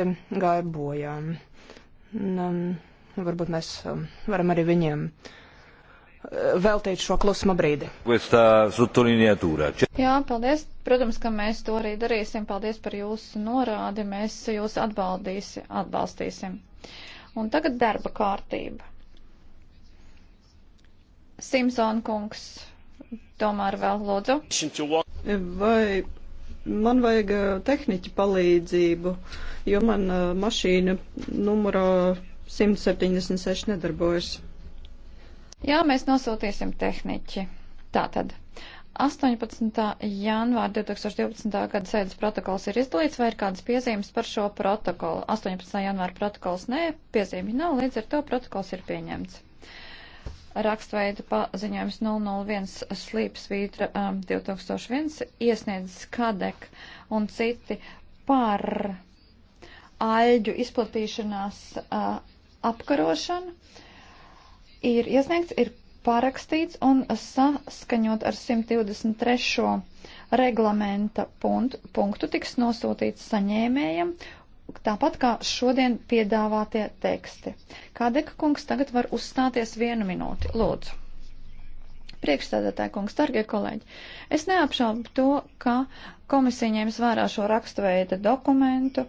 Um, gāja bojām. Um, varbūt mēs um, varam arī viņiem uh, veltīt šo klusuma brīdi. Jā, paldies. Protams, ka mēs to arī darīsim. Paldies par jūsu norādi. Mēs jūs atbalstīsim. Un tagad darba kārtība. Simpson kungs, tomēr vēl lūdzu. Vai Man vajag tehniķa palīdzību, jo man mašīna numurā 176 nedarbojas. Jā, mēs nosūtīsim tehniķi. Tātad. 18. janvāra 2012. gada sēdes protokols ir izdalīts, vai ir kādas piezīmes par šo protokolu? 18. janvāra protokols nē, piezīmi nav, līdz ar to protokols ir pieņemts rakstveida paziņojums 001 slīpsvītra um, 2001 iesniedz Kadek un citi par aļģu izplatīšanās uh, apkarošanu. Ir iesniegts, ir parakstīts un saskaņot ar 123. reglamenta punktu, punktu tiks nosūtīts saņēmējam tāpat kā šodien piedāvātie teksti. Kādeka kungs tagad var uzstāties vienu minūti. Lūdzu. Priekšstādātāja kungs, dargie kolēģi, es neapšaubu to, ka komisija ņems vērā šo rakstveida dokumentu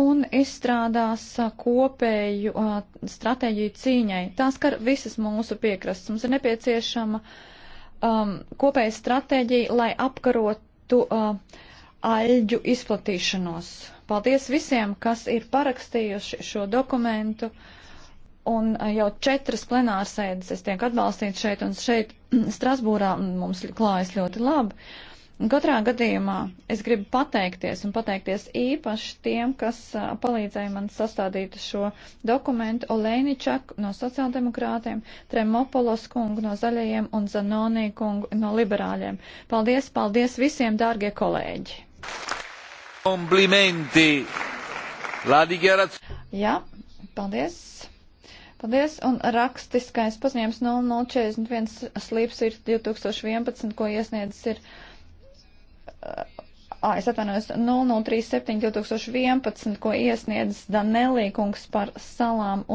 un izstrādās kopēju uh, stratēģiju cīņai. Tās, ka visas mūsu piekrastas mums ir nepieciešama um, kopēja stratēģija, lai apkarotu uh, aļģu izplatīšanos. Uh, Paldies visiem, kas ir parakstījuši šo dokumentu. Un uh, jau četras plenārsēdes es tiek atbalstīt šeit un šeit Strasbūrā mums klājas ļoti labi. Katrā gadījumā es gribu pateikties un pateikties īpaši tiem, kas uh, palīdzēja man sastādīt šo dokumentu - Olēničak no sociāldemokrātiem, Tremopolos kungu no zaļajiem un Zanonī kungu no liberāļiem. Paldies, paldies visiem, dārgie kolēģi! Komplimenti! Jā, paldies! Paldies! Un rakstiskais paziņojums 0041 slīps ir 2011, ko iesniedzis ir. Ā, es atvainojos, 0037 2011, ko iesniedzis Danelī kungs par salām un.